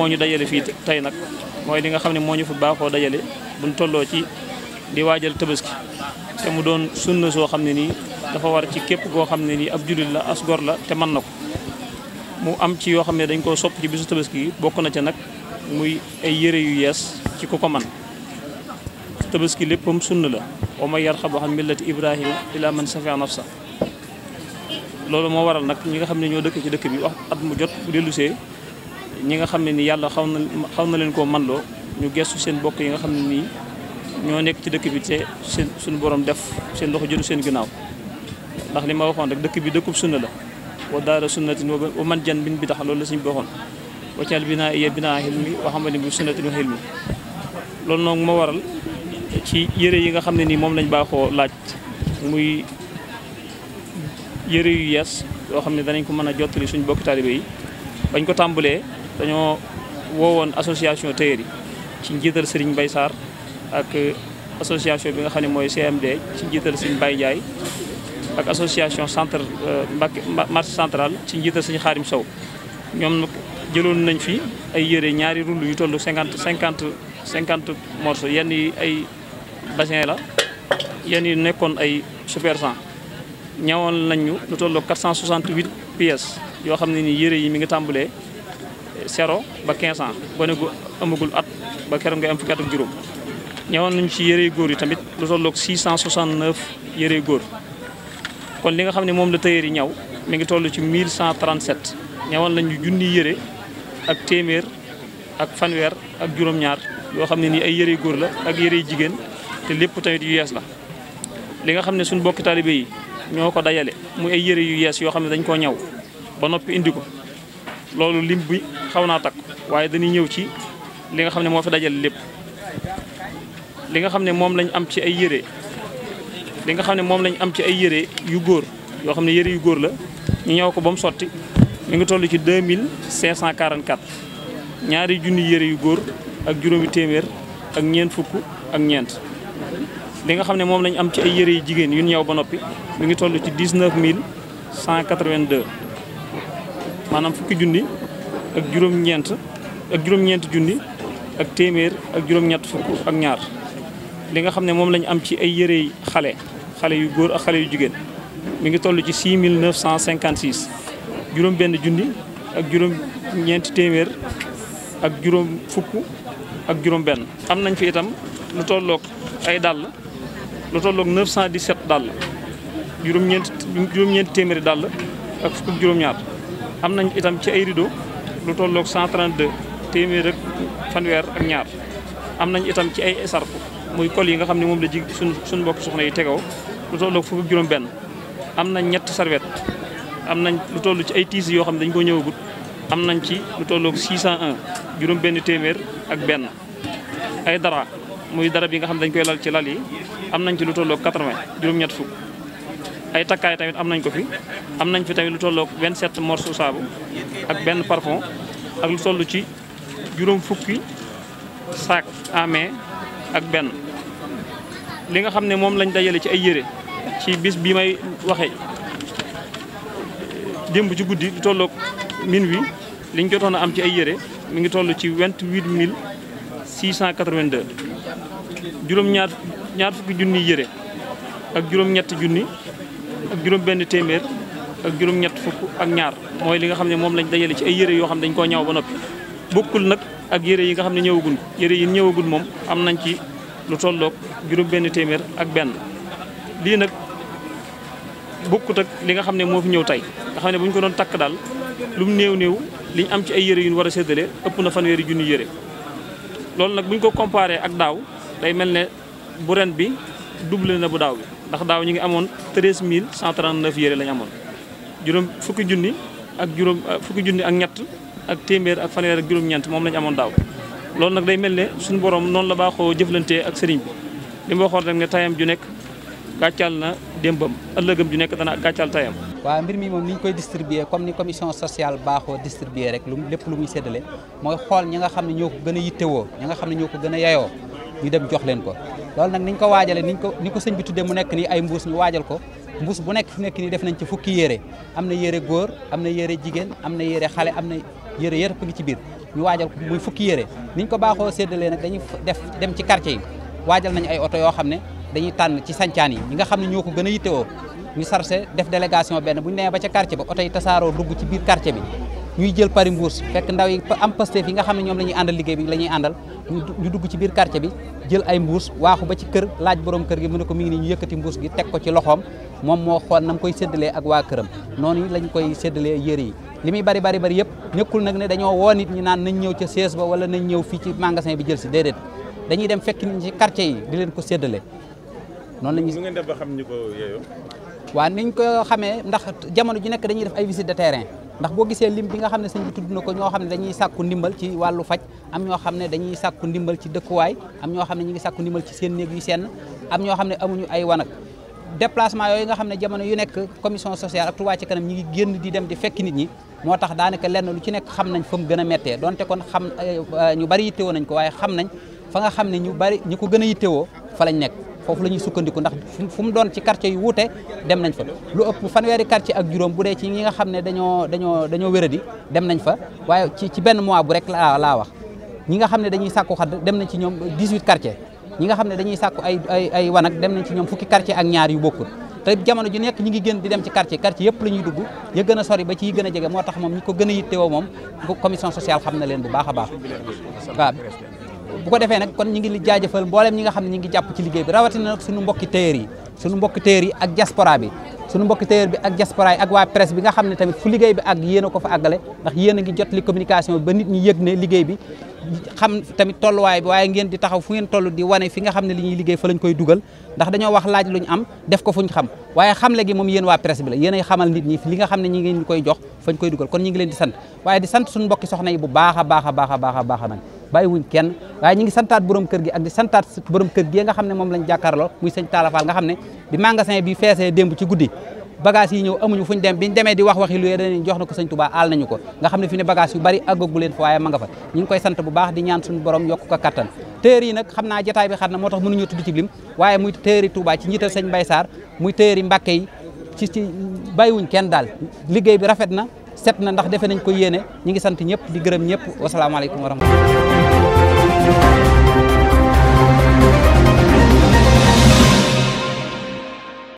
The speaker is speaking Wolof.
moo ñu dajale fii tey nag mooy li nga xam ne moo ñu fi baaxoo dajale bu nu tolloo ci di waajal tabaski te mu doon sunna soo xam ne nii dafa war ci képp koo xam ne nii ab jullit la as la te man na ko mu am ci yoo xam ne dañ koo sopp ci bisu tabaski yi bokk na ca nag muy ay yu yees ci ku ko man tabaski léppam sunna la wa man yarxabu an millati ibrahima ila man safia nafsa loolu moo waral nag ñi nga xam ne ñoo dëkk ci dëkk bi wax at mu jot ñi nga xam ne ni yàlla xaw na xaw na leen koo man loo ñu gestu seen bokk yi nga xam ne nii ñoo nekk ci dëkk bi te seen suñu boroom def seen loxo jëlu seen ginnaaw ndax li ma waxoon rek dëkk bi dëkkub sunna la wa daara sunnatin wa man jan bin bi tax loolu la suñu boxoon waccal binaa iya binaa xilmi wa xamali bi sunnatin wa xilmi loolu noonu ma waral ci yëre yi nga xam ne nii moom lañ baaxoo laaj muy yëre yu yees yoo xam ne danañ ko mën a jottali suñu bokki taalibe yi bañ ko tàmbalee dañoo woowoon association tailleur ci njiital Serigne Mbaye Sarr ak association bi nga xam ne mooy CMD ci njiital Serigne Baye Ndiaye ak association centre euh, Mbacké marché central ci njiital Serigne Xaarim Sow ñoom nag jëloon nañ fi ay yére ñaari rund yu toll cinquante cinquante cinquante morceaux yan yi ay bassin la yenn yi nekkoon ay super 100 ñawoon nañ ñu lu toll 468 pièces yoo xam ne ni yére yi mi ngi tàmbalee zéro ba quinze ans gone gu amagul at ba keroog ngay am fukki at juróom ñëwoon nañ ci yërey góor yi tamit lu tolloog 669 yërey góor kon li nga xam ne moom la tailleur yi ñaw mi ngi toll ci 1137 ñëwoon nañu junni yére ak téeméer ak fanweer ak juróom-ñaar yoo xam ne nii ay yérey góor la ak yërey jigéen te lépp tamit yu yees la li nga xam ne suñu bokki taalibe yi ñoo ko dajale muy ay yëre yu yees yoo xam ne dañ koo ñaw ba noppi indi ko loolu lim bi xaw naa takk waaye dañuy ñëw ci li nga xam ne moo fi dajale lépp li nga xam ne moom lañ am ci ay yére li nga xam ne moom lañ am ci ay yére yu góor yoo xam ne yére yu góor la ñu ñëw ko ba mu sotti mi ngi toll ci 2544 ñaari junni yére yu góor ak juróomi téeméer ak ñeent fukk ak ñeent li nga xam ne moom lañu am ci ay yére yu jigéen yu ñëw ba noppi mu ngi toll ci 19182 maanaam fukki junni ak juróom-ñeent ak juróom junni ak téeméer ak juróom-ñett fukk ak ñaar li nga xam ne moom lañu am ci ay yërey xale xale yu góor ak xale yu jigéen mi ngi toll ci 6956 juróom benn junni ak juróom ñeenti téeméer ak juróom fukk ak juróom benn am nañ fi itam lu tolloog ay dàll lu tolloog 917 dàll juróom ñeenti juróom ñeenti téeméeri dàll ak fukk juróom ñaar am nañ itam ci ay rido lu tolloog 132 téeméer ak fanweer ak ñaar am nañ itam ci ay écharpe muy col yi nga xam ne moom la ji suñ suñ mbokk soxna yi tegoo lu tolloog fukk juróom benn am nañ ñett serviette am nañ lu toll ci ay tiisi yoo xam ne dañ koo ñëwagut am nañ ci lu tolloog 601 juróom benn téeméer ak benn ay dara muy dara bi nga xam ne dañ koy lal ci lal yi am nañ ci lu tolloog 80 juróom-ñett fukk ay takkaay tamit am nañ ko fi am nañ fi tamit lu tollook tolloog 27 morceaux saabu ak benn parfum ak lu toll ci juróom fukki saak amee ak benn li nga xam ne moom lañ dajale ci ay yére ci bis bi may waxee jëmb ci guddi lu tolloog min wi liñ jotoon am ci ay yére mi ngi toll ci 28 682 juróom ñaar ñaar fukki junni yére ak juróom ñetti junni ak juróom benn téeméer ak juróom ñett fukk ak ñaar mooy li nga xam ne moom lañ dajale ci ay yére yoo xam dañ koo ñaw ba noppi bokkul nag ak yére yi nga xam ne ñëwagul yére yi ñëwagul moom am nañ ci lu tolloog juróom benn téeméer ak benn lii nag bokkut ak li nga xam ne moo fi ñëw tey nga xam ne bu ñu ko doon takk daal lu mu néew néew liñ am ci ay yére yu ñu war a séddale ëpp na fan fanweeri junni yére loolu nag bu ñu ko comparé ak daaw day mel ne bu bi doublé na bu daaw bi ndax daaw ñu ngi amoon treize mille cent trente neuf yére la amoon juróom fukki junni ak juróom euh, fukki junni ak ñett ak téeméer ak fanweer ak juróom-ñeent moom la amoon daaw loolu nag day mel ne suñu borom noonu la baaxoo jëflantee ak sëriñ bi li ma waxoon rek ne tayam ju nekk gàccaal na démbam ëllëgam ju nekk dana gàccaal tayam waaw mbir mi moom ni ñu koy distribuer comme ni commission sociale baaxoo distribuer rek lu lépp lu muy séddale mooy xool ñi nga xam ne ñoo ko gën a yittewoo ñi nga xam ne ñoo ko gën a yayoo ñu dem jox leen ko loolu nag niñ ko waajalee niñ ko ni ko sëñ bi tuddee mu nekk nii ay mbuus ñu waajal ko mbuus bu nekk fi nekk nii def nañ ci fukki yére am na yére góor am na yére jigéen am na yére xale am na yére yëpp ngi ci biir ñu waajal ko muy fukki yére niñ ko baaxoo séddalee nag dañu def dem ci quartier yi waajal nañ ay oto yoo xam ne dañuy tànn ci sancaan yi ñi nga xam ne ñoo ko gën a yittewoo ñu sarse def délégation benn bu ñu nee ba ca quartier ba oto yi tasaaroo dugg ci biir quartier bi ñuy jël pari mbuus fekk ndaw yi am Pastef yi nga xam ne ñoom la ñuy àndal liggéey bi la ñuy ñu dugg ci biir karce bi jël ay mbuus waaxu ba ci kër laaj borom kër gi mun ne ko mi ngi nii ñu yëkkati mbuus gi teg ko ci loxoom moom moo xool na koy séddalee ak waa këram noonu lañ koy séddalee yére yi li muy bari bari bari yëpp nekkul nag ne dañoo woo nit ñi naan nañ ñëw ca sees ba wala nañ ñëw fi ci magasin bi jël si déedéet dañuy dem fekk nit ñi ci yi di leen ko séddale noonu la ñuy ngeen def ba xam ñu ko yeeyoo waa niñ ko xamee ndax jamono ji nekk dañuy def ay visite de terrain ndax boo gisee lim bi nga xam ne sëñ bi tudd na ko ñoo xam ne dañuy sàkku ndimbal ci wàllu faj am ñoo xam ne dañuy sàkku ndimbal ci dëkkuwaay am ñoo xam ne ñu ngi sàkku ndimbal ci seen néeg yu seen am ñoo xam ne amuñu ay wanag déplacement yooyu nga xam ne jamono yu nekk commission sociale ak Touba ci kanam ñi ngi génn di dem di fekk nit ñi moo tax daanaka lenn lu ci nekk xam nañ fa mu gën a méttee donte kon xam euh, ñu bari yittewoo nañ ko waaye xam nañ fa nga xam ne ñu bari ñu ko gën a yittewoo fa lañ nekk foofu la ñuy sukkandiku ndax fu mu doon ci quartier yu wute dem nañ fa lu ëpp fanweeri quartier ak juróom bu dee ci ñi nga xam ne dañoo dañoo dañoo wéradi dem nañ fa waaye ci ci benn mois bu rek laa laa wax ñi nga xam ne dañuy sàkku xadd dem nañ ci ñoom 18 quartier ñi nga xam ne dañuy sàkku ay ay ay wanag dem nañ ci ñoom fukki quartier ak ñaar yu bokkul te jamono ju nekk ñi ngi gën di dem ci quartier quartier yëpp la ñuy dugg ya gën a sori ba ci yi gën a jege moo tax moom ñi ko gën a yittewoo moom commission sociale xam na leen bu baax baax waaw bu ko defee nag kon ñi ngi li jaajëfal mbooleem ñi nga xam ne ñi ngi jàpp ci liggéey bi rawatina nag suñu mbokki téer yi suñu mbokki téer yi ak diaspora bi suñu mbokki téer bi ak diaspora yi ak waa presse bi nga xam ne tamit fu liggéey bi ak yéen ko fa àggale ndax ngi jot li communication ba nit ñi yëg ne liggéey bi xam tamit tolluwaay bi waaye ngeen di taxaw fu ngeen toll di wane fi nga xam ne li ñuy liggéey fa lañ koy dugal ndax dañoo wax laaj luñ am def ko fuñ xam waaye xamle gi moom yéen waa presse bi la yéen ay xamal nit ñi li nga xam ne ñi ngeen koy jox fañ koy dugal kon ñi ngi leen di sant waaye di sant suñu mbokki soxna yi bu baax a baax a baax a baax bàyyi wuñ kenn waaye ñu ngi santaat borom kër gi ak di santaat borom kër gi nga xam ne moom lañ jàkkaarloo muy sëñ Talla Fall nga xam ne bi magasin bi feesee démb ci guddi bagage yi ñëw amuñu ñu dem bi ñu demee di wax waxi luyee dañu jox na ko sëñ Touba aal nañu ko nga xam ne fi ne bagage yu bari àggagu leen fa waaye ma nga fa ñu ngi koy sant bu baax di ñaan suñu borom yokk ko kattan téer yi nag xam naa jataay bi xat na moo tax mënuñu tudd ci lim waaye muy téer yi Touba ci njiital sëñ Mbaye Sarr muy téer yi ci ci kenn daal liggéey bi rafet na set na ndax defe nañ ko yéene ñi ngi sant ñëpp di gërëm ñëpp wasalaamaaleykum wa rahmatulah